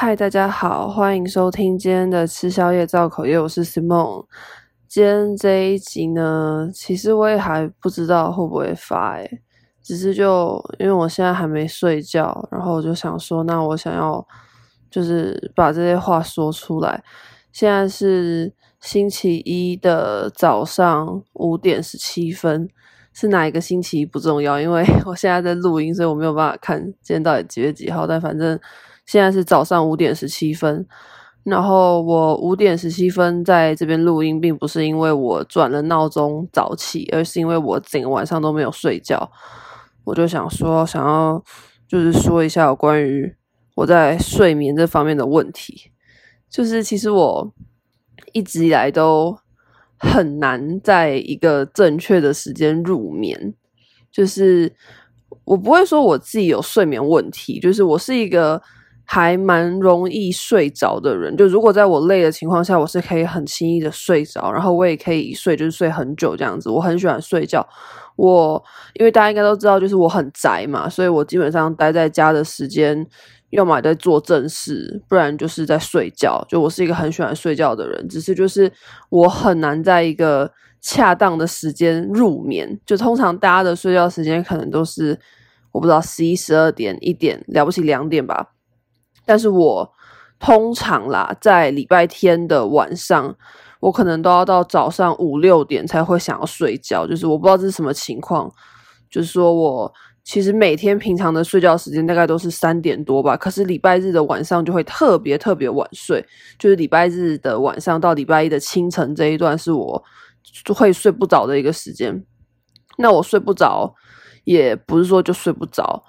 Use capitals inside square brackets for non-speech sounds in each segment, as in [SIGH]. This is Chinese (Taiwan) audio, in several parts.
嗨，Hi，大家好，歡迎收聽今天的吃宵夜造口業，我是 Simon。今天這一集呢，其實我也還不知道會不會發，誒只是就因為我現在還沒睡覺，然後我就想說，那我想要就是把這些話說出來。現在是星期一的早上五點十七分，是哪一個星期一不重要，因為我現在在錄音，所以我沒有辦法看今天到底幾月幾號，但反正。現在是早上五點十七分，然後我五點十七分在這邊錄音，並不是因為我轉了鬧鐘早起，而是因為我整個晚上都沒有睡覺。我就想說，想要就是說一下關於我在睡眠這方面的問題，就是其實我一直以來都很難在一個正確的時間入眠，就是我不會說我自己有睡眠問題，就是我是一個。還蠻容易睡着的人，就如果在我累的情況下，我是可以很輕易的睡着，然後我也可以一睡就是睡很久這樣子。我很喜歡睡覺，我因為大家應該都知道，就是我很宅嘛，所以我基本上待在家的時間要麼在做正事，不然就是在睡覺。就我是一個很喜歡睡覺的人，只是就是我很難在一個恰當的時間入眠。就通常大家的睡覺時間可能都是我不知道十一十二點一點，了不起兩點吧。但是我通常啦，在禮拜天的晚上，我可能都要到早上五六點才會想要睡覺。就是我不知道這是什麼情況，就是說我其實每天平常的睡覺時間大概都是三點多吧，可是禮拜日的晚上就會特別特別晚睡。就是禮拜日的晚上到禮拜一的清晨這一段是我會睡不着的一個時間。那我睡不着，也不是說就睡不着。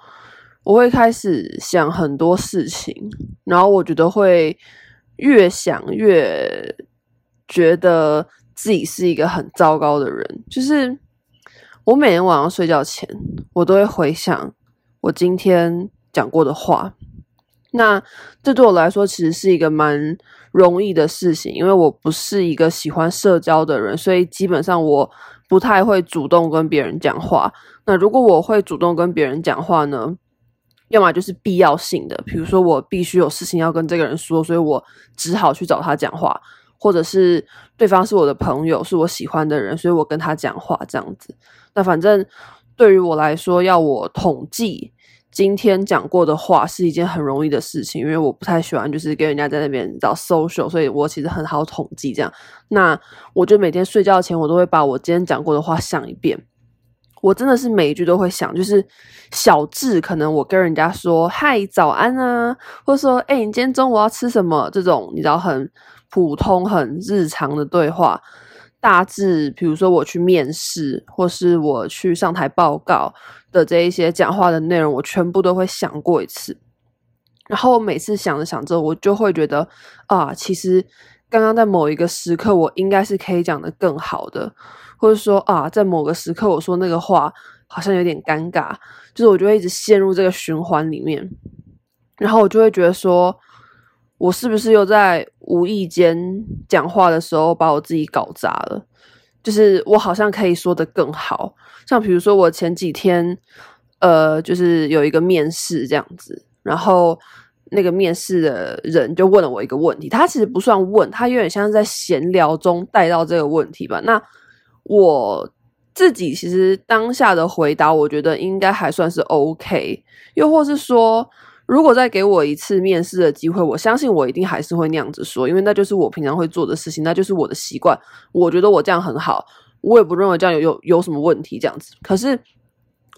我會開始想很多事情，然後我覺得會越想越覺得自己是一個很糟糕的人。就是我每天晚上睡覺前，我都會回想我今天講過的話。那這對我來說其實是一個蠻容易的事情，因為我不是一個喜歡社交的人，所以基本上我不太會主動跟別人講話。那如果我會主動跟別人講話呢？要麼就是必要性的，比如說我必須有事情要跟這個人說，所以我只好去找他講話；或者是對方是我的朋友，是我喜歡的人，所以我跟他講話這樣子。那反正對於我來說，要我統計今天講過的話是一件很容易的事情，因為我不太喜歡就是跟人家在那邊找 social，所以我其實很好統計這樣。那我就每天睡覺前，我都會把我今天講過的話想一遍。我真的是每一句都會想，就是小至，可能我跟人家說“嗨，早安啊”，或者說“哎、欸，你今天中午要吃什麼？”這種你知道很普通、很日常的對話，大至比如說我去面試，或是我去上台報告的這一些講話的內容，我全部都會想過一次。然後我每次想着想着，我就會覺得啊，其實剛剛在某一個時刻，我應該是可以講得更好的。或者說啊，在某個時刻我說那個話好像有點尷尬，就是我就會一直陷入這個循環裡面，然後我就會覺得說，我是不是又在無意間講話的時候把我自己搞砸了？就是我好像可以說得更好，像比如說我前幾天，呃，就是有一個面試這樣子，然後那個面試的人就問了我一個問題，他其實不算問，他有點像是在閒聊中帶到這個問題吧，那。我自己其實當下的回答，我覺得應該還算是 OK。又或是說，如果再給我一次面試的機會，我相信我一定還是會那樣子說，因為那就是我平常會做的事情，那就是我的習慣。我覺得我這樣很好，我也不認為這樣有有有什麼問題這樣子。可是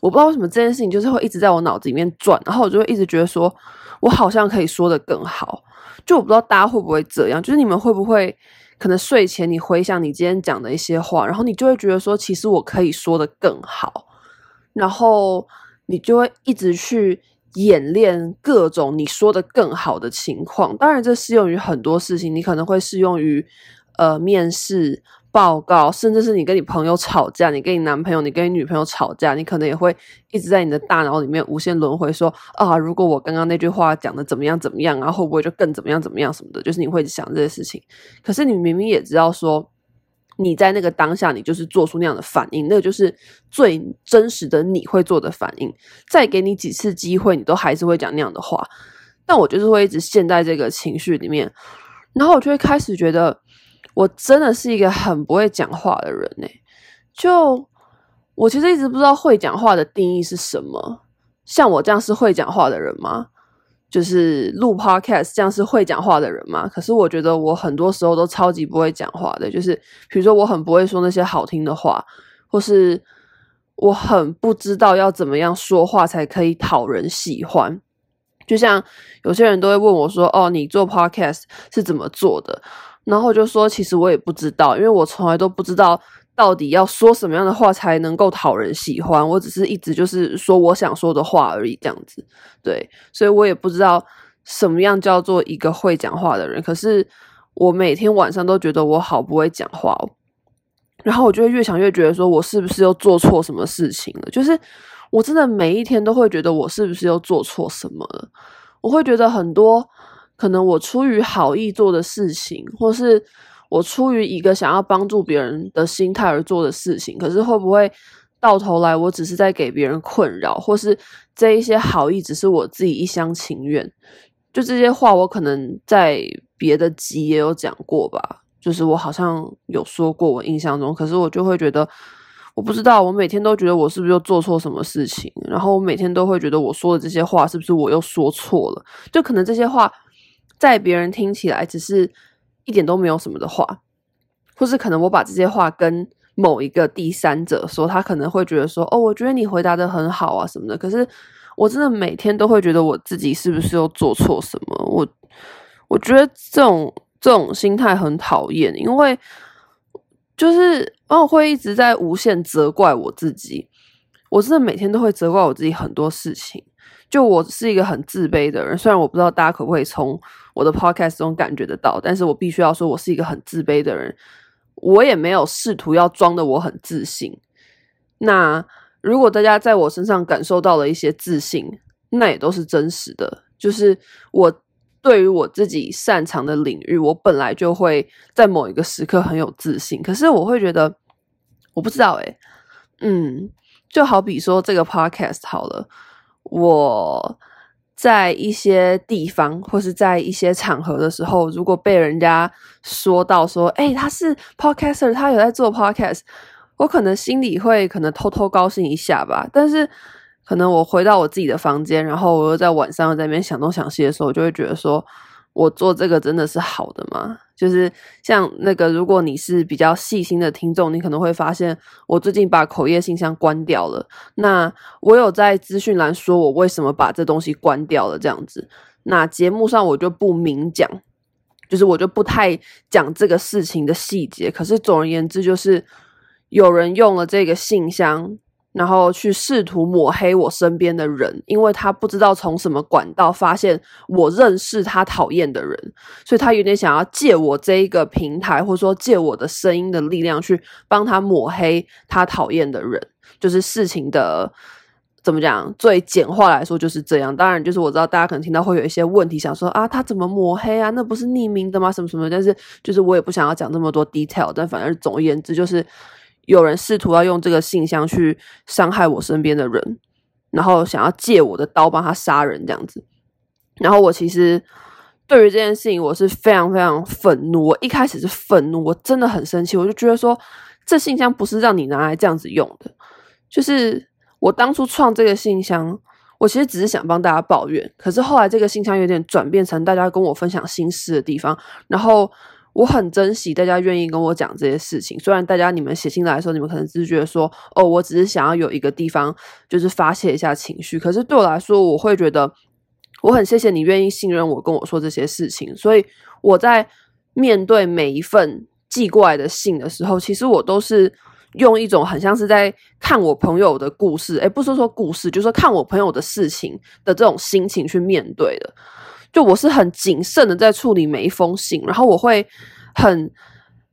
我不知道為什麼這件事情就是會一直在我腦子裡面轉，然後我就會一直覺得說我好像可以說的更好。就我不知道大家會不會這樣，就是你們會不會？可能睡前你回想，你今天講的一些話，然後你就會覺得說，其實我可以說的更好，然後你就會一直去演練各種你說的更好的情況。當然，這適用於很多事情，你可能會適用於，呃面試。報告，甚至是你跟你朋友吵架，你跟你男朋友、你跟你女朋友吵架，你可能也會一直在你的大腦裡面無限輪回說，說啊，如果我剛剛那句話講的怎麼樣怎麼樣，然後會不會就更怎麼樣怎麼樣什麼的，就是你會想這些事情。可是你明明也知道說，說你在那個當下，你就是做出那樣的反應，那就是最真實的你會做的反應。再給你幾次機會，你都還是會講那樣的話。但我就是會一直陷在這個情緒裡面，然後我就會開始覺得。我真的是一個很不會講話的人耶，就我其實一直不知道會講話的定義是什麼。像我這樣是會講話的人嗎？就是錄 podcast 這樣是會講話的人嗎？可是我覺得我很多時候都超級不會講話的，就是比如說我很不會說那些好聽的話，或是我很不知道要怎麼樣說話才可以討人喜歡。就像有些人都會問我說：“哦，你做 podcast 是怎麼做的？”然後就說，其實我也不知道，因為我從來都不知道到底要說什麼樣的話才能夠討人喜歡。我只是一直就是說我想說的話而已，這樣子。對，所以我也不知道什麼樣叫做一個會講話的人。可是我每天晚上都覺得我好不會講話，然後我就越想越覺得說我是不是又做錯什麼事情了？就是我真的每一天都會覺得我是不是又做錯什麼了？我會覺得很多。可能我出於好意做的事情，或是我出於一個想要幫助別人的心態而做的事情，可是會不會到頭來我只是在給別人困擾，或是這一些好意只是我自己一廂情願？就這些話，我可能在別的集也有講過吧，就是我好像有說過，我印象中，可是我就會覺得，我不知道，我每天都覺得我是不是又做錯什麼事情，然後我每天都會覺得我說的這些話是不是我又說錯了？就可能這些話，在別人聽起來只是一點都沒有什麼的話，或是可能我把這些話跟某一個第三者說，他可能會覺得說：“哦，我覺得你回答得很好啊什麼的。”可是我真的每天都會覺得我自己是不是又做錯什麼？我我覺得這種這種心態很討厭，因為就是哦我會一直在無限責怪我自己。我真的每天都會責怪我自己很多事情。就我是一個很自卑的人，雖然我不知道大家可不可以從。我的 podcast 中感覺得到，但是我必須要說，我是一個很自卑的人，我也沒有試圖要裝得我很自信。那如果大家在我身上感受到了一些自信，那也都是真實的。就是我對於我自己擅長的領域，我本來就會在某一個時刻很有自信。可是我會覺得，我不知道，欸，哎，嗯，就好比說這個 podcast 好了，我。在一些地方或是在一些場合的時候，如果被人家說到說，哎、欸，他是 podcaster，他有在做 podcast，我可能心裡會可能偷偷高興一下吧。但是，可能我回到我自己的房間，然後我又在晚上在那邊想東想西的時候，我就會覺得說。我做這個真的是好的嗎？就是像那個，如果你是比較細心的聽眾，你可能會發現我最近把口業信箱關掉了。那我有在資訊欄說我為什麼把這東西關掉了，這樣子。那節目上我就不明講，就是我就不太講這個事情的細節。可是總而言之，就是有人用了這個信箱。然後去試圖抹黑我身邊的人，因為他不知道從什麼管道發現我認識他討厭的人，所以他有點想要借我這一個平台，或者說借我的聲音的力量去幫他抹黑他討厭的人，就是事情的怎麼講？最簡化來說就是這樣。當然，就是我知道大家可能聽到會有一些問題，想說啊，他怎麼抹黑啊？那不是匿名的嗎？什麼什麼？但是就是我也不想要講那麼多 detail，但反正總而言之就是。有人試圖要用這個信箱去傷害我身邊的人，然後想要借我的刀幫他殺人這樣子。然後我其實對於這件事情我是非常非常憤怒。我一開始是憤怒，我真的很生氣，我就覺得說這信箱不是讓你拿來這樣子用的。就是我當初創這個信箱，我其實只是想幫大家抱怨。可是後來這個信箱有點轉變成大家跟我分享心事的地方，然後。我很珍惜大家願意跟我講這些事情，雖然大家你們寫信來的時候，你們可能只是覺得說，哦，我只是想要有一個地方就是發洩一下情緒，可是對我來說，我會覺得我很謝謝你願意信任我，跟我說這些事情。所以我在面對每一份寄過來的信的時候，其實我都是用一種很像是在看我朋友的故事，欸，不是說故事，就是看我朋友的事情的這種心情去面對的。就我是很謹慎的在處理每一封信，然後我會很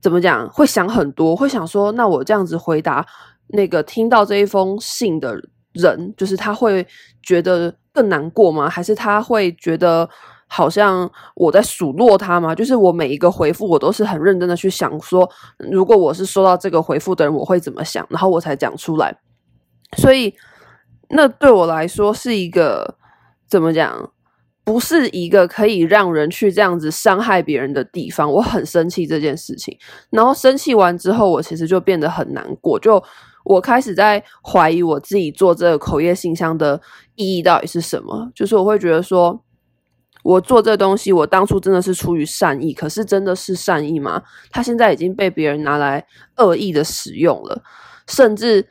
怎麼講？會想很多，會想說，那我這樣子回答那個聽到這一封信的人，就是他會覺得更難過嗎？還是他會覺得好像我在數落他嗎？就是我每一個回復，我都是很認真的去想說，說如果我是收到這個回復的人，我會怎麼想？然後我才講出來。所以，那對我來說是一個怎麼講？不是一個可以讓人去這樣子傷害別人的地方。我很生氣這件事情，然後生氣完之後，我其實就變得很難過。就我開始在懷疑我自己做這個口業信箱的意義到底是什麼。就是我會覺得說，我做這東西，我當初真的是出於善意，可是真的是善意嗎？它現在已經被別人拿來惡意的使用了，甚至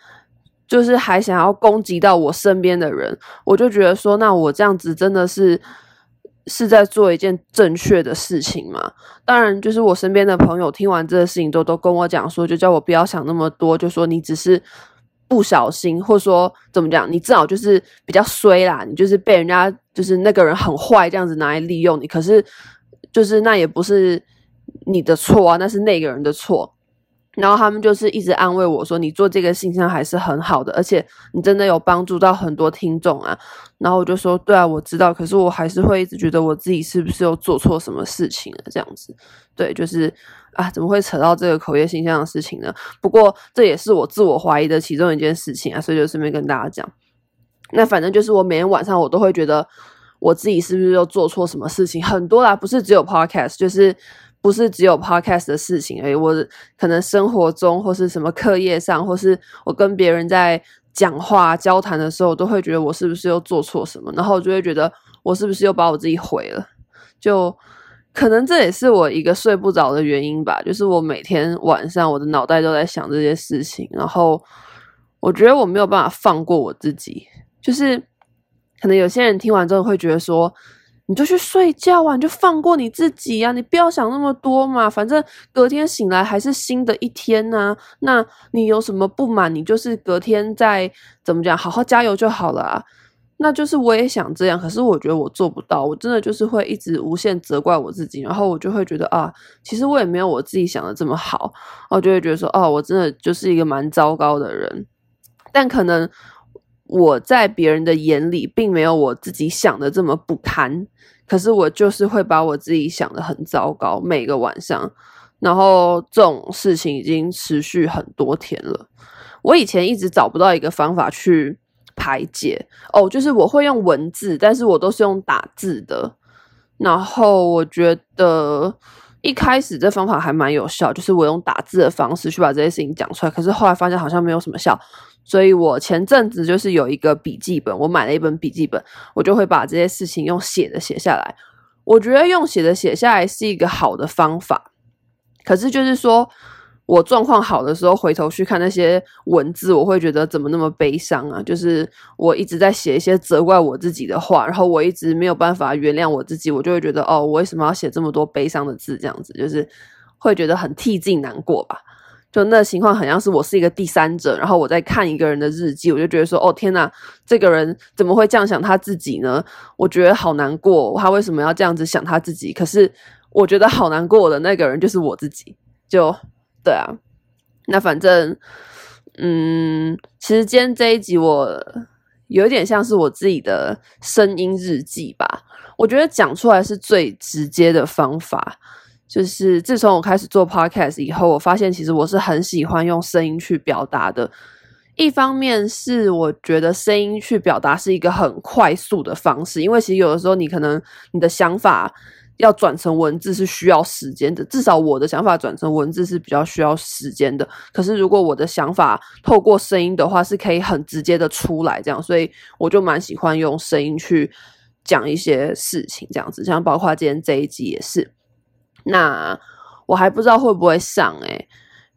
就是還想要攻擊到我身邊的人。我就覺得說，那我這樣子真的是。是在做一件正確的事情嘛？當然，就是我身邊的朋友聽完這個事情都都跟我講說，就叫我不要想那麼多，就說你只是不小心，或者說怎麼講，你至少就是比較衰啦，你就是被人家就是那個人很壞這樣子拿來利用你。可是就是那也不是你的錯啊，那是那個人的錯。然後他們就是一直安慰我說：“你做這個信箱還是很好的，而且你真的有幫助到很多聽眾啊。”然後我就說：“對啊，我知道，可是我還是會一直覺得我自己是不是又做錯什麼事情了？這樣子，對，就是啊，怎麼會扯到這個口業信箱的事情呢？不過這也是我自我懷疑的其中一件事情啊，所以就順便跟大家講。那反正就是我每天晚上我都會覺得我自己是不是又做錯什麼事情，很多啦，不是只有 podcast，就是。”不是只有 podcast 的事情，誒，我可能生活中或是什麼課業上，或是我跟別人在講話、交談的時候，我都會覺得我是不是又做錯什麼，然後我就會覺得我是不是又把我自己毀了，就可能這也是我一個睡不着的原因吧。就是我每天晚上我的腦袋都在想這些事情，然後我覺得我沒有辦法放過我自己，就是可能有些人聽完之後會覺得說。你就去睡覺啊！你就放過你自己啊。你不要想那麼多嘛，反正隔天醒來還是新的一天吶。那你有什麼不滿，你就是隔天再怎麼講，好好加油就好了啊。那就是我也想這樣，可是我覺得我做不到，我真的就是會一直無限責怪我自己，然後我就會覺得啊，其實我也沒有我自己想的這麼好，我就會覺得說，哦，我真的就是一個蠻糟糕的人。但可能。我在別人的眼裡，並沒有我自己想的這麼不堪，可是我就是會把我自己想得很糟糕，每個晚上，然後這種事情已經持續很多天了。我以前一直找不到一個方法去排解，哦，就是我會用文字，但是我都是用打字的。然後我覺得一開始這方法還蠻有效，就是我用打字的方式去把這些事情講出來，可是後來發現好像沒有什麼效。所以，我前陣子就是有一個筆記本，我買了一本筆記本，我就會把這些事情用寫的寫下來。我覺得用寫的寫下來是一個好的方法。可是，就是說我狀況好的時候，回頭去看那些文字，我會覺得怎麼那麼悲傷啊？就是我一直在寫一些責怪我自己的話，然後我一直沒有辦法原諒我自己，我就會覺得哦，我為什麼要寫這麼多悲傷的字？這樣子就是會覺得很替自己難過吧。就那情況很像是我是一個第三者，然後我在看一個人的日記，我就覺得說，哦天吶，這個人怎麼會這樣想他自己呢？我覺得好難過，他為什麼要這樣子想他自己？可是我覺得好難過的那個人就是我自己，就對啊。那反正，嗯，其實今天這一集我有一點像是我自己的聲音日記吧，我覺得講出來是最直接的方法。就是自從我開始做 podcast 以後，我發現其實我是很喜歡用聲音去表達的。一方面是我覺得聲音去表達是一個很快速的方式，因為其實有的時候你可能你的想法要轉成文字是需要時間的，至少我的想法轉成文字是比較需要時間的。可是如果我的想法透過聲音的話，是可以很直接的出來這樣，所以我就蠻喜歡用聲音去講一些事情這樣子，像包括今天這一集也是。那我還不知道會不會上欸，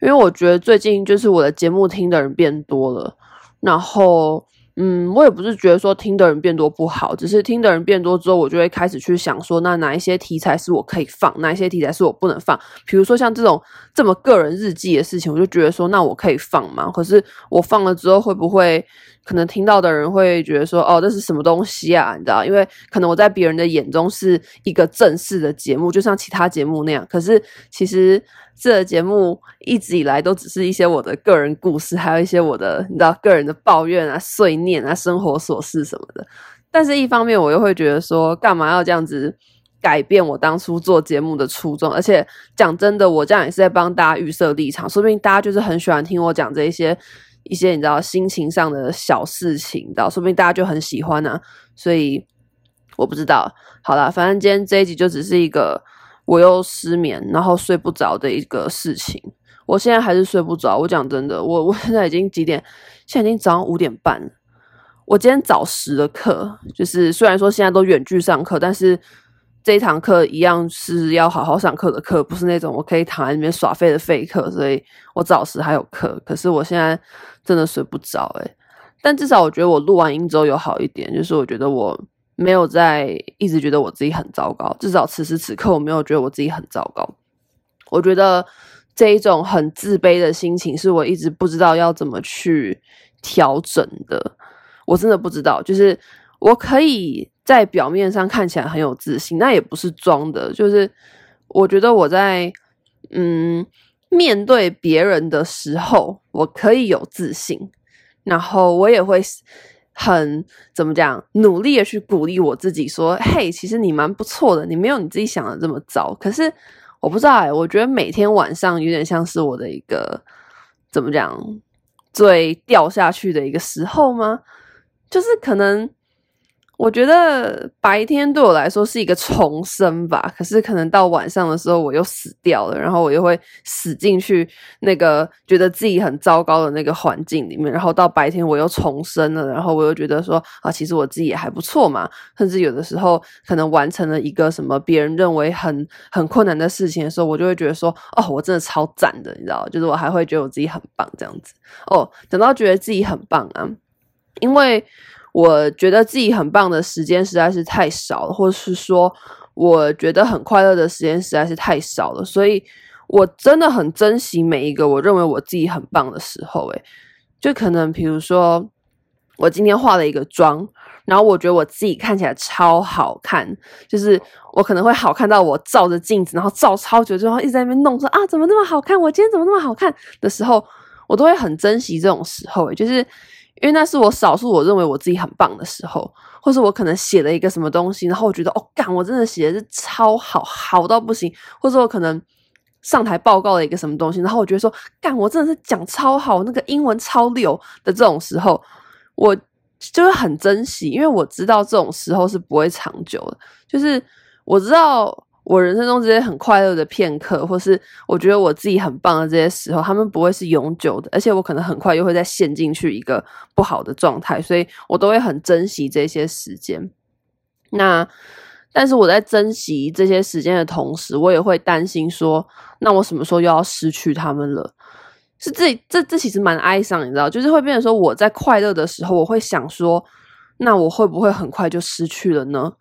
因為我覺得最近就是我的節目聽的人變多了，然後。嗯，我也不是覺得說聽的人變多不好，只是聽的人變多之後，我就會開始去想說，那哪一些題材是我可以放，哪一些題材是我不能放。比如說像這種這麼個人日記的事情，我就覺得說，那我可以放嗎？可是我放了之後，會不會可能聽到的人會覺得說，哦，這是什麼東西啊？你知道，因為可能我在別人的眼中是一個正式的節目，就像其他節目那樣。可是其實。這個節目一直以來都只是一些我的個人故事，還有一些我的你知道個人的抱怨啊、碎念啊、生活瑣事什麼的。但是，一方面我又會覺得說，幹嘛要這樣子改變我當初做節目的初衷？而且，講真的，我這樣也是在幫大家預設立場，說不定大家就是很喜歡聽我講這些一些你知道心情上的小事情，知道？說不定大家就很喜歡呢、啊。所以，我不知道，好了，反正今天這一集就只是一個。我又失眠，然後睡不着的一個事情。我現在還是睡不着。我講真的，我我現在已經幾點？現在已經早上五點半。我今天早十的課，就是雖然說現在都遠距上課，但是這一堂課一樣是要好好上課的課，不是那種我可以躺在裡面耍廢的廢課。所以我早十還有課，可是我現在真的睡不着誒。欸，但至少我覺得我錄完音之後有好一點，就是我覺得我。沒有在一直覺得我自己很糟糕，至少此時此刻我沒有覺得我自己很糟糕。我覺得這一種很自卑的心情是我一直不知道要怎麼去調整的。我真的不知道，就是我可以在表面上看起來很有自信，那也不是裝的。就是我覺得我在嗯面對別人的時候，我可以有自信，然後我也會。很怎麼講，努力的去鼓勵我自己，說，嘿，其實你蠻不錯的，你沒有你自己想的這麼糟。可是我不知道，哎，我覺得每天晚上有點像是我的一個怎麼講，最掉下去的一個時候嗎？就是可能。我覺得白天對我來說是一個重生吧，可是可能到晚上的時候我又死掉了，然後我又會死進去那個覺得自己很糟糕的那個環境裡面，然後到白天我又重生了，然後我又覺得說啊，其實我自己也還不錯嘛，甚至有的時候可能完成了一個什麼別人認為很很困難的事情的時候，我就會覺得說哦，我真的超讚的，你知道，就是我還會覺得我自己很棒這樣子哦，等到覺得自己很棒啊，因為。我覺得自己很棒的時間實在是太少了，或者是說，我覺得很快樂的時間實在是太少了，所以我真的很珍惜每一個我認為我自己很棒的時候。誒，就可能比如說，我今天化了一個妝，然後我覺得我自己看起來超好看，就是我可能會好看到我照着鏡子，然後照超久之後，一直在那邊弄說啊，怎麼那麼好看？我今天怎麼那麼好看的時候，我都會很珍惜這種時候。誒，就是。因為那是我少數我認為我自己很棒的時候，或是我可能寫了一個什麼東西，然後我覺得哦，幹，我真的寫的是超好，好到不行，或者我可能上台報告了一個什麼東西，然後我覺得說，幹，我真的是講超好，那個英文超溜的這種時候，我就會很珍惜，因為我知道這種時候是不會長久的，就是我知道。我人生中這些很快樂的片刻，或是我覺得我自己很棒的這些時候，他們不會是永久的，而且我可能很快又會再陷進去一個不好的狀態，所以我都會很珍惜這些時間。那，但是我在珍惜這些時間的同時，我也會擔心說，那我什麼時候又要失去他們了？是這這這其實蠻哀傷，你知道，就是會變成說，我在快樂的時候，我會想說，那我會不會很快就失去了呢？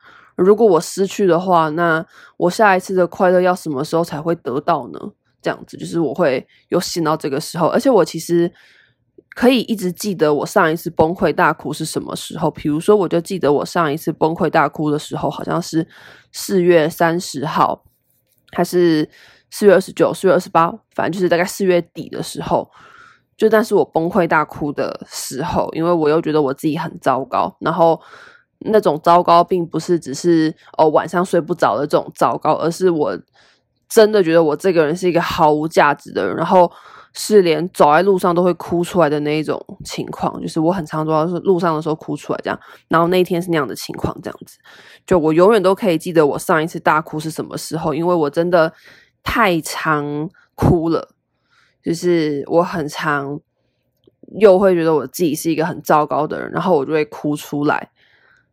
如果我失去的話，那我下一次的快樂要什麼時候才會得到呢？這樣子就是我會又想到這個時候，而且我其實可以一直記得我上一次崩潰大哭是什麼時候。比如說，我就記得我上一次崩潰大哭的時候，好像是四月三十號，還是四月二十九、四月二十八，反正就是大概四月底的時候，就但是我崩潰大哭的時候，因為我又覺得我自己很糟糕，然後。那種糟糕，並不是只是哦晚上睡不着的這種糟糕，而是我真的覺得我這個人是一個毫無價值的人，然後是連走在路上都會哭出來的那一種情況，就是我很常主要是路上的時候哭出來這樣，然後那一天是那樣的情況，這樣子，就我永遠都可以記得我上一次大哭是什麼時候，因為我真的太常哭了，就是我很常又會覺得我自己是一個很糟糕的人，然後我就會哭出來。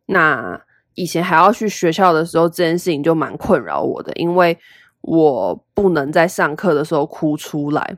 那以前還要去學校的時候，這件事情就蠻困擾我的，因為我不能在上課的時候哭出來。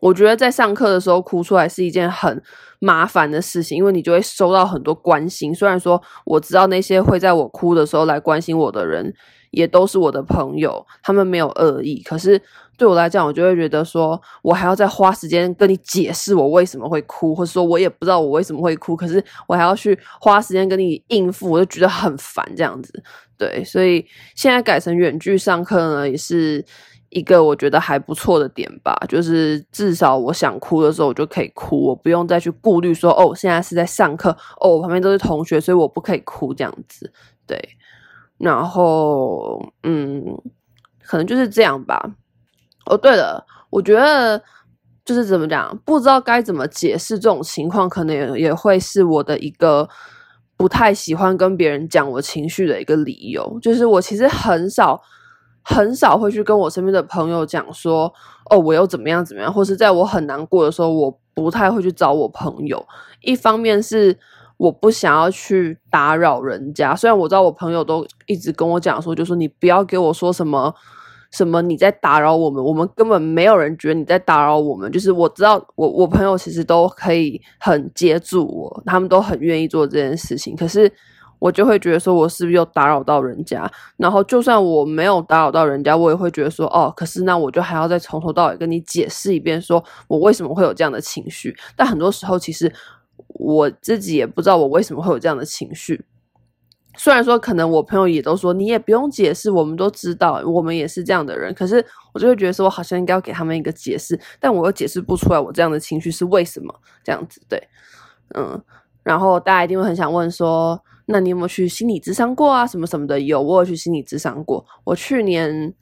我覺得在上課的時候哭出來是一件很麻煩的事情，因為你就會收到很多關心。雖然說我知道那些會在我哭的時候來關心我的人也都是我的朋友，他們沒有惡意，可是對我來講，我就會覺得說我還要再花時間跟你解釋我為什麼會哭，或者說我也不知道我為什麼會哭，可是我還要去花時間跟你應付，我就覺得很煩。這樣子，對，所以現在改成遠距上課呢，也是。一個我覺得還不錯的點吧，就是至少我想哭的時候，我就可以哭，我不用再去顧慮說哦，現在是在上課，哦，我旁邊都是同學，所以我不可以哭這樣子。對，然後嗯，可能就是這樣吧。哦，對了，我覺得就是怎麼講，不知道該怎麼解釋這種情況，可能也也會是我的一個不太喜歡跟別人講我情緒的一個理由，就是我其實很少。很少會去跟我身邊的朋友講說，哦，我又怎麼樣怎麼樣，或是在我很難過的時候，我不太會去找我朋友。一方面是我不想要去打擾人家，雖然我知道我朋友都一直跟我講說，就是、說你不要給我說什麼什麼你在打擾我們，我們根本沒有人覺得你在打擾我們。就是我知道我我朋友其實都可以很接住我，他們都很願意做這件事情，可是。我就會覺得說，我是不是又打擾到人家？然後，就算我沒有打擾到人家，我也會覺得說，哦，可是那我就還要再從頭到尾跟你解釋一遍，說我為什麼會有這樣的情緒。但很多時候，其實我自己也不知道我為什麼會有這樣的情緒。雖然說，可能我朋友也都說，你也不用解釋，我們都知道，我們也是這樣的人。可是，我就會覺得說，我好像應該要給他們一個解釋，但我又解釋不出來，我這樣的情緒是為什麼，這樣子，對。嗯，然後大家一定會很想問說。那你有沒有去心理諮商過啊？什麼什麼的，有，我有去心理諮商過。我去年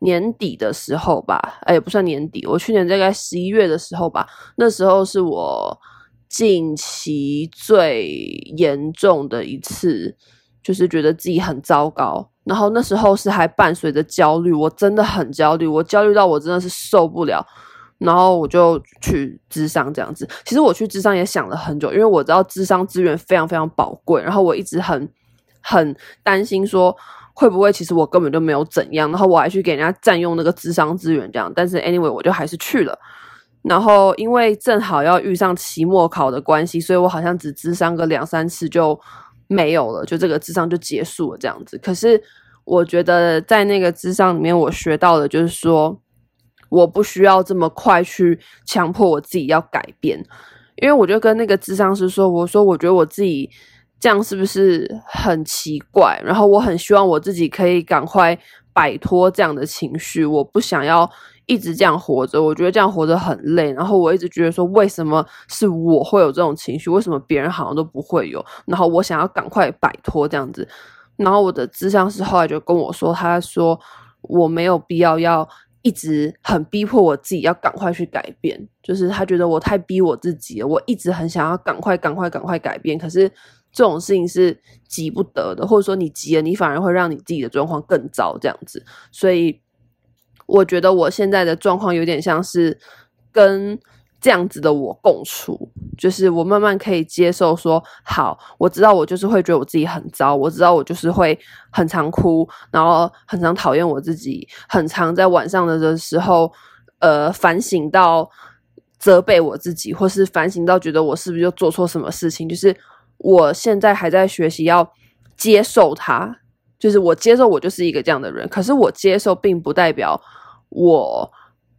年底的時候吧，誒，也不算年底，我去年大概十一月的時候吧，那時候是我近期最嚴重的一次，就是覺得自己很糟糕，然後那時候是還伴隨着焦慮，我真的很焦慮，我焦慮到我真的是受不了。然後我就去諮商這樣子，其實我去諮商也想了很久，因為我知道諮商資源非常非常寶貴。然後我一直很很擔心說會不會其實我根本就沒有怎樣，然後我還去給人家占用那個諮商資源這樣。但是 anyway 我就還是去了。然後因為正好要遇上期末考的關係，所以我好像只諮商個兩三次就沒有了，就這個諮商就結束了這樣子。可是我覺得在那個諮商裡面，我學到的就是說，我不需要這麼快去強迫我自己要改變，因為我就跟那個諮商師說：“我說，我覺得我自己這樣是不是很奇怪？然後我很希望我自己可以趕快擺脫這樣的情緒，我不想要一直這樣活着，我覺得這樣活着很累。然後我一直覺得說，為什麼是我會有這種情緒？為什麼別人好像都不會有？然後我想要趕快擺脫這樣子。然後我的諮商師後來就跟我說，他說我沒有必要要。”一直很逼迫我自己要趕快去改變，就是他覺得我太逼我自己了。我一直很想要趕快、趕快、趕快改變，可是這種事情是急不得的，或者說你急了，你反而會讓你自己的狀況更糟這樣子。所以我覺得我現在的狀況有點像是跟。這樣子的我共處，就是我慢慢可以接受說，說好，我知道我就是會覺得我自己很糟，我知道我就是會很常哭，然後很常討厭我自己，很常在晚上的時候，呃，反省到責備我自己，或是反省到覺得我是不是又做錯什麼事情。就是我現在還在學習要接受他，就是我接受我就是一個這樣的人，可是我接受並不代表我。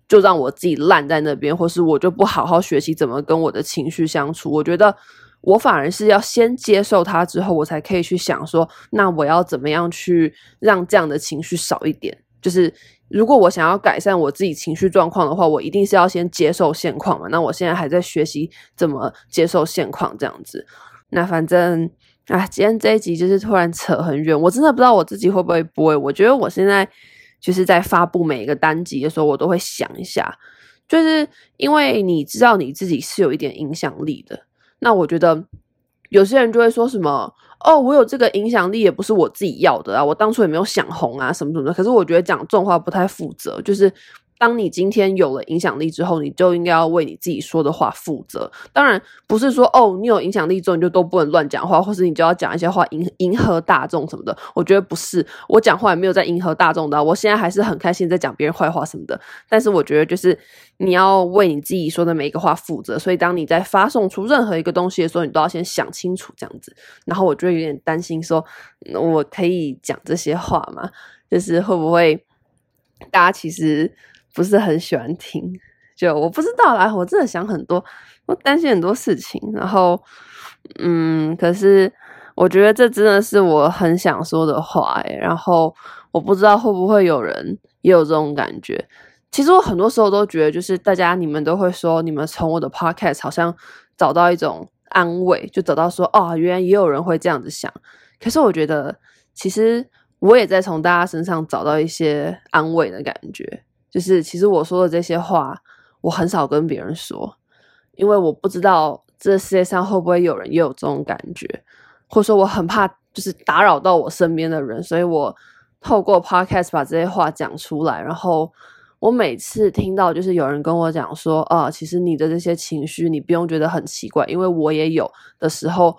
就讓我自己爛在那邊，或是我就不好好學習怎麼跟我的情緒相處。我覺得我反而是要先接受它之後，我才可以去想說，那我要怎麼樣去讓這樣的情緒少一點。就是如果我想要改善我自己情緒狀況的話，我一定是要先接受現況嘛。那我現在還在學習怎麼接受現況這樣子。那反正啊，今天這一集就是突然扯很遠，我真的不知道我自己會不會播。我覺得我現在。就是在發佈每一個單集的時候，我都會想一下，就是因為你知道你自己是有一點影響力的，那我覺得有些人就會說什麼，哦，我有這個影響力也不是我自己要的啊，我當初也沒有想紅啊，什麼什麼的。可是我覺得講重話不太負責，就是。當你今天有了影響力之後，你就應該要為你自己說的話負責。當然，不是說哦，你有影響力之後你就都不能亂講話，或是你就要講一些話迎迎合大眾什麼的。我覺得不是，我講話也沒有在迎合大眾的啊。我現在還是很開心在講別人壞話什麼的。但是我覺得就是你要為你自己說的每一個話負責。所以當你在發送出任何一個東西的時候，你都要先想清楚這樣子。然後我就有點擔心說，我可以講這些話嗎？就是會不會大家其實。不是很喜歡聽，就我不知道啦。我真的想很多，我擔心很多事情。然後，嗯，可是我覺得這真的是我很想說的話欸。然後我不知道會不會有人也有這種感覺。其實我很多時候都覺得，就是大家你們都會說，你們從我的 podcast 好像找到一種安慰，就找到說哦，原來也有人會這樣子想。可是我覺得，其實我也在從大家身上找到一些安慰的感覺。就是其實我說的這些話，我很少跟別人說，因為我不知道這世界上會不會有人也有這種感覺，或者說我很怕就是打擾到我身邊的人，所以我透過 podcast 把這些話講出來。然後我每次聽到就是有人跟我講說，啊，其實你的這些情緒你不用覺得很奇怪，因為我也有的時候，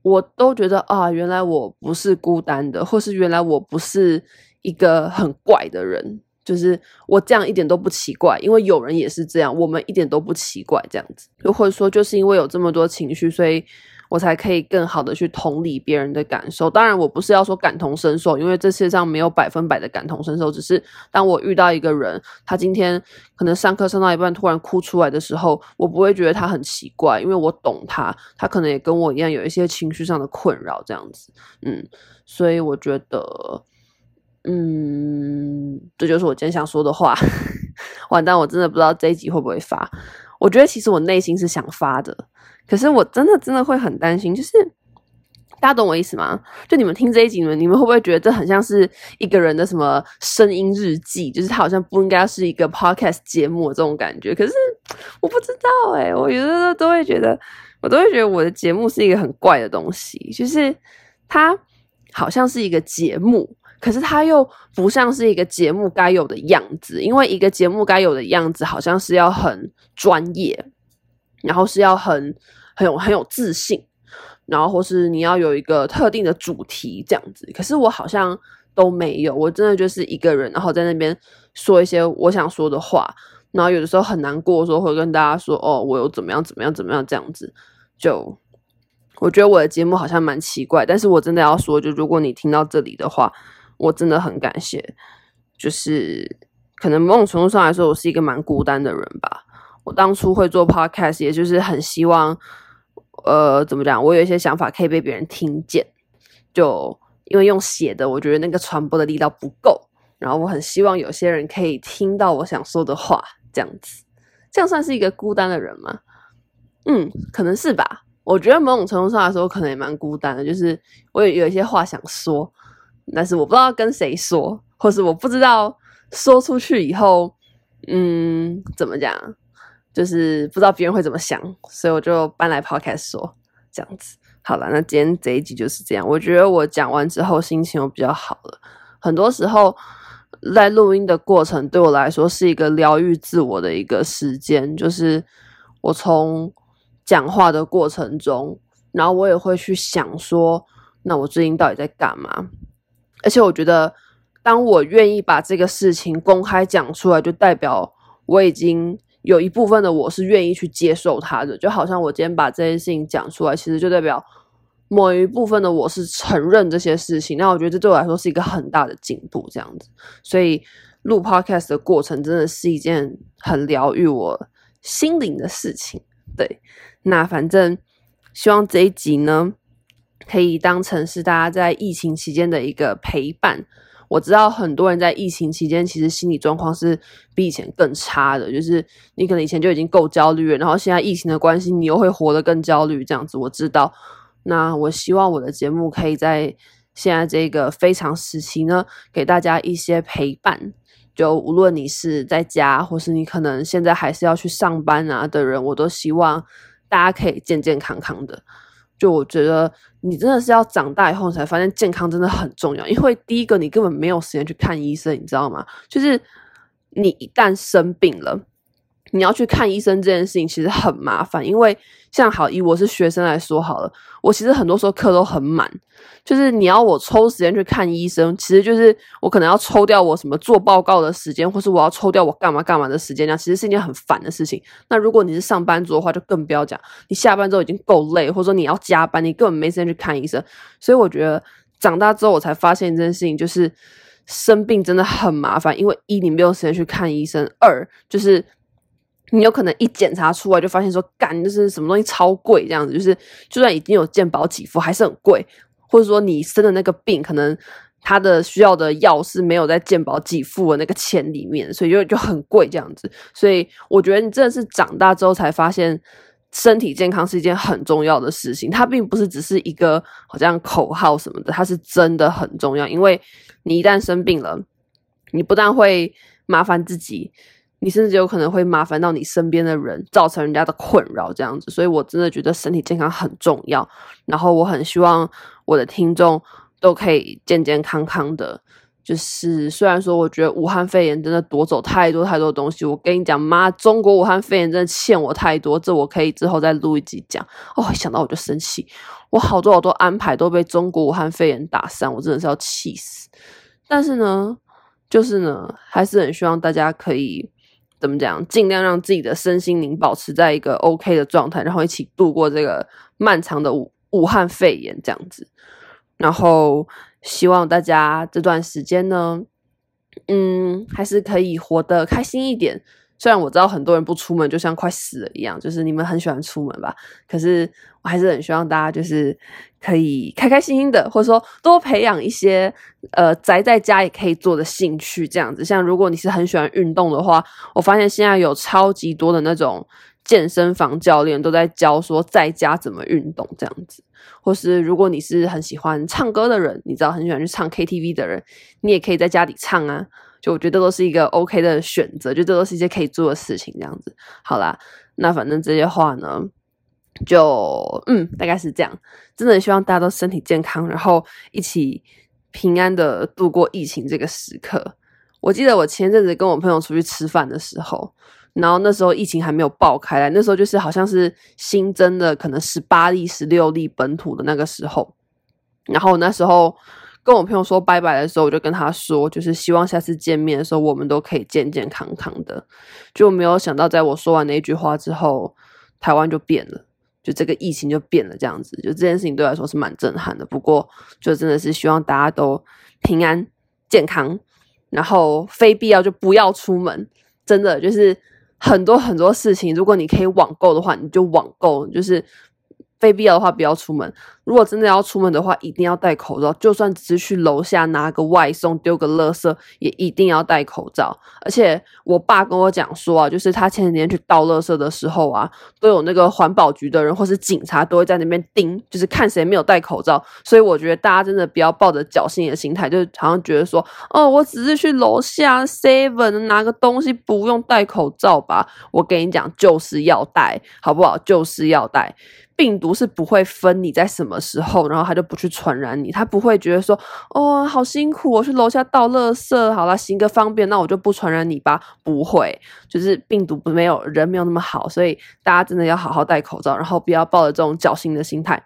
我都覺得啊，原來我不是孤單的，或是原來我不是一個很怪的人。就是我這樣一點都不奇怪，因為有人也是這樣，我們一點都不奇怪這樣子。又或者說，就是因為有這麼多情緒，所以我才可以更好的去同理別人的感受。當然，我不是要說感同身受，因為這世界上沒有百分百的感同身受。只是當我遇到一個人，他今天可能上課上到一半突然哭出來的時候，我不會覺得他很奇怪，因為我懂他，他可能也跟我一樣有一些情緒上的困擾這樣子。嗯，所以我覺得。嗯，這就，就是我今天想說的話。 [LAUGHS] 完蛋，我真的不知道這一集會不會發。我覺得其實我內心是想發的，可是我真的真的會很擔心。就是大家懂我意思嗎？就你們聽這一集，你們你們會不會覺得這很像是一個人的什麼聲音日記？就是他好像不應該是一個 podcast 節目的這種感覺。可是我不知道哎、欸，我有的時候都會覺得，我都會覺得我的節目是一個很怪的東西，就是它好像是一個節目。可是它又不像是一個節目該有的樣子，因為一個節目該有的樣子好像是要很專業，然後是要很很有很有自信，然後或是你要有一個特定的主題這樣子。可是我好像都沒有，我真的就是一個人，然後在那邊說一些我想說的話，然後有的時候很難過的時候會跟大家說：“哦，我有怎麼樣怎麼樣怎麼樣這樣子。就”就我覺得我的節目好像蠻奇怪，但是我真的要說，就如果你聽到這裡的話。我真的很感謝，就是可能某種程度上來說，我是一個蠻孤單的人吧。我當初會做 podcast，也就是很希望，呃，怎麼講？我有一些想法可以被別人聽見，就因為用寫的，我覺得那個傳播的力道不夠。然後我很希望有些人可以聽到我想說的話，這樣子，這樣算是一個孤單的人嗎？嗯，可能是吧。我覺得某種程度上來說，我可能也蠻孤單的，就是我也有一些話想說。但是我不知道跟誰說，或是我不知道說出去以後，嗯，怎麼講，就是不知道別人會怎麼想，所以我就搬來 Podcast 說這樣子。好了，那今天這一集就是這樣。我覺得我講完之後心情又比較好了。很多時候在錄音的過程對我來說是一個療癒自我的一個時間，就是我從講話的過程中，然後我也會去想說，那我最近到底在幹嘛？而且我覺得，當我願意把這個事情公開講出來，就代表我已經有一部分的我是願意去接受他的。就好像我今天把這件事情講出來，其實就代表某一部分的我是承認這些事情。那我覺得這對我來說是一個很大的進步，這樣子。所以錄 podcast 的過程真的是一件很療癒我心靈的事情。對，那反正希望這一集呢。可以當成是大家在疫情期間的一個陪伴。我知道很多人在疫情期間，其實心理狀況是比以前更差的。就是你可能以前就已經夠焦慮了，然後現在疫情的關係，你又會活得更焦慮這樣子。我知道，那我希望我的節目可以在現在這個非常時期呢，給大家一些陪伴。就無論你是在家，或是你可能現在還是要去上班啊的人，我都希望大家可以健健康康的。就我覺得，你真的是要長大以後你才發現健康真的很重要。因為第一個，你根本沒有時間去看醫生，你知道嗎？就是你一旦生病了。你要去看醫生這件事情其實很麻煩，因為像好，以我是學生來說好了，我其實很多時候課都很滿，就是你要我抽時間去看醫生，其實就是我可能要抽掉我什麼做報告的時間，或是我要抽掉我幹嘛幹嘛的時間，那其實是一件很煩的事情。那如果你是上班族的話，就更不要講，你下班之後已經夠累，或者說你要加班，你根本沒時間去看醫生。所以我覺得長大之後，我才發現這件事情，就是生病真的很麻煩，因為一你沒有時間去看醫生，二就是。你有可能一檢查出來就發現說，幹，就是什麼東西超貴這樣子，就是就算已經有健保給付還是很貴，或者說你生的那個病，可能他的需要的藥是沒有在健保給付的那個錢裡面，所以就就很貴這樣子。所以我覺得你真的是長大之後才發現，身體健康是一件很重要的事情，它並不是只是一個好像口號什麼的，它是真的很重要。因為你一旦生病了，你不但會麻煩自己。你甚至有可能會麻煩到你身邊的人，造成人家的困擾，這樣子。所以我真的覺得身體健康很重要。然後我很希望我的聽眾都可以健健康康的。就是雖然說，我覺得武漢肺炎真的奪走太多太多東西。我跟你講，媽，中國武漢肺炎真的欠我太多。這我可以之後再錄一集講。哦，一想到我就生氣，我好多好多安排都被中國武漢肺炎打散，我真的是要氣死。但是呢，就是呢，還是很希望大家可以，怎麼講，盡量讓自己的身心靈保持在一個 OK 的狀態，然後一起度過這個漫長的武武漢肺炎這樣子。然後希望大家這段時間呢，嗯，還是可以活得開心一點。雖然我知道很多人不出門就像快死了一樣，就是你們很喜歡出門吧？可是我還是很希望大家就是可以開開心心的，或者說多培養一些呃宅在家也可以做的興趣這樣子。像如果你是很喜歡運動的話，我發現現在有超級多的那種健身房教練都在教說在家怎麼運動這樣子，或是如果你是很喜歡唱歌的人，你知道很喜歡去唱 KTV 的人，你也可以在家裡唱啊。就我覺得都是一個 OK 的選擇，就這都是一些可以做的事情，這樣子。好啦，那反正這些話呢，就嗯，大概是這樣。真的希望大家都身體健康，然後一起平安的度過疫情這個時刻。我記得我前陣子跟我朋友出去吃飯的時候，然後那時候疫情還沒有爆開來，那時候就是好像是新增的可能十八例、十六例本土的那個時候，然後那時候。跟我朋友說拜拜的時候，我就跟他說，就是希望下次見面的時候，我們都可以健健康康的。就沒有想到，在我說完那句話之後，台灣就變了，就這個疫情就變了，這樣子。就這件事情對我來說是蠻震撼的。不過，就真的是希望大家都平安健康，然後非必要就不要出門。真的就是很多很多事情，如果你可以網購的話，你就網購。就是非必要的話，不要出門。如果真的要出門的話，一定要戴口罩。就算只是去樓下拿個外送、丟個垃圾，也一定要戴口罩。而且我爸跟我講說啊，就是他前幾天去倒垃圾的時候啊，都有那個環保局的人或是警察都會在那邊盯，就是看誰沒有戴口罩。所以我覺得大家真的不要抱着僥倖的心態，就好像覺得說哦、呃，我只是去樓下 seven 拿個東西，不用戴口罩吧？我跟你講，就是要戴，好不好？就是要戴，病毒是不會分你在什麼的時候，然後他就不去傳染你，他不會覺得說，哦，好辛苦，我去樓下倒垃圾，好啦，行個方便，那我就不傳染你吧，不會，就是病毒不沒有人沒有那麼好，所以大家真的要好好戴口罩，然後不要抱着這種僥倖的心態。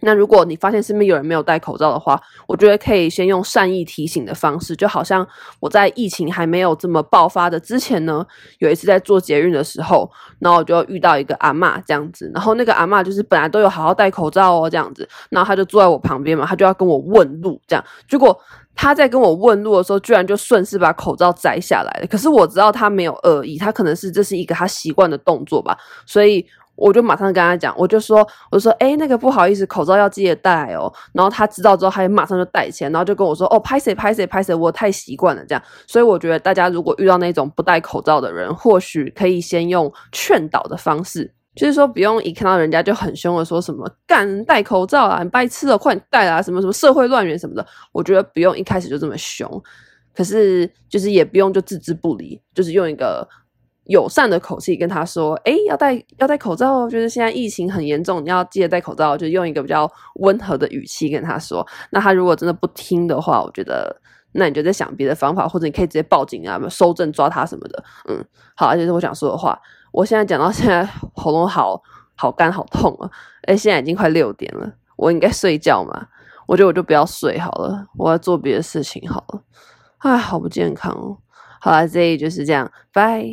那如果你發現身邊有人沒有戴口罩的話，我覺得可以先用善意提醒的方式，就好像我在疫情還沒有這麼爆發的之前呢，有一次在坐捷運的時候，然後我就遇到一個阿嬤這樣子，然後那個阿嬤就是本來都有好好戴口罩哦這樣子，然後他就坐在我旁邊嘛，他就要跟我問路這樣，結果他在跟我問路的時候，居然就順勢把口罩摘下來了。可是我知道他沒有惡意，他可能是這是一個他習慣的動作吧，所以。我就馬上跟他講，我就說，我說，誒、欸、那個不好意思，口罩要記得戴哦。然後他知道之後，他也馬上就戴起來，然後就跟我說，哦，拍謝拍謝拍謝，我太習慣了這樣。所以我覺得大家如果遇到那種不戴口罩的人，或許可以先用勸導的方式，就是說不用一看到人家就很兇的說什麼幹，戴口罩啊，你白痴了，快戴啊，什麼什麼社會亂源什麼的，我覺得不用一開始就這麼兇。可是就是也不用就置之不理，就是用一個。友善的口氣跟他說：“哎，要戴要戴口罩哦，就是現在疫情很嚴重，你要記得戴口罩。”就用一個比較溫和的語氣跟他說。那他如果真的不聽的話，我覺得那你就在想別的方法，或者你可以直接報警啊，收證抓他什麼的。嗯，好，這就是我想說的話。我現在講到現在喉嚨好好乾好痛啊！誒，現在已經快六點了，我應該睡覺嘛。我覺得我就不要睡好了，我要做別的事情好了。哎，好不健康哦。好啦，這就是這樣，拜。